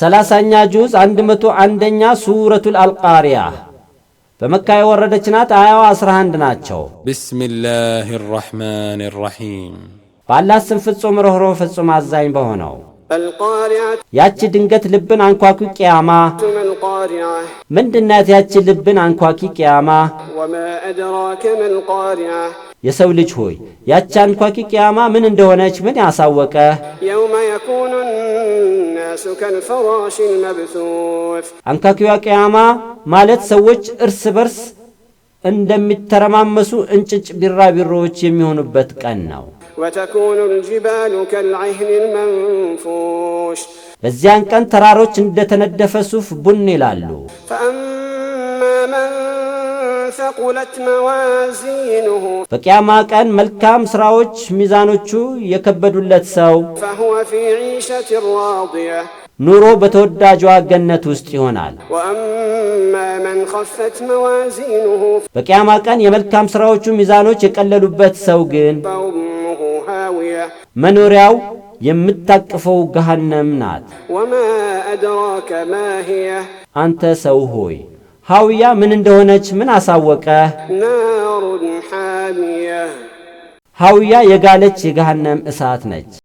ሰላሳኛ ጁዝ አንድ መቶ አንደኛ ሱረቱል አልቃሪያ በመካ የወረደች ናት። አስራ 11 ናቸው። ቢስሚላሂ ራሕማኒ ራሒም በአላህ ስም ፍጹም ርኅሩህ ፍጹም አዛኝ በሆነው ያቺ ድንገት ልብን አንኳኩ ቅያማ ምንድናት? ያቺ ልብን አንኳኪ ቅያማ የሰው ልጅ ሆይ ያቺ አንኳኪ ቅያማ ምን እንደሆነች ምን ያሳወቀ? አንኳኪዋ ቅያማ ማለት ሰዎች እርስ በርስ እንደሚተረማመሱ እንጭጭ ቢራቢሮዎች የሚሆኑበት ቀን ነው። ወተኩኑ ልጅባሉ ከልዐህን ልመንፉሽ በዚያን ቀን ተራሮች እንደተነደፈ ሱፍ ቡን ይላሉ። ፈአማ መን ሰቁለት መዋዚኑሁ በቅያማ ቀን መልካም ሥራዎች ሚዛኖቹ የከበዱለት ሰው ፈሁወ ፊ ዒሸት ራድያ ኑሮ በተወዳጇ ገነት ውስጥ ይሆናል። በቅያማ ቀን የመልካም ሥራዎቹ ሚዛኖች የቀለሉበት ሰው ግን መኖሪያው የምታቅፈው ገሃነም ናት። አንተ ሰው ሆይ ሐውያ ምን እንደሆነች ምን አሳወቀህ? ሐውያ የጋለች የገሃነም እሳት ነች።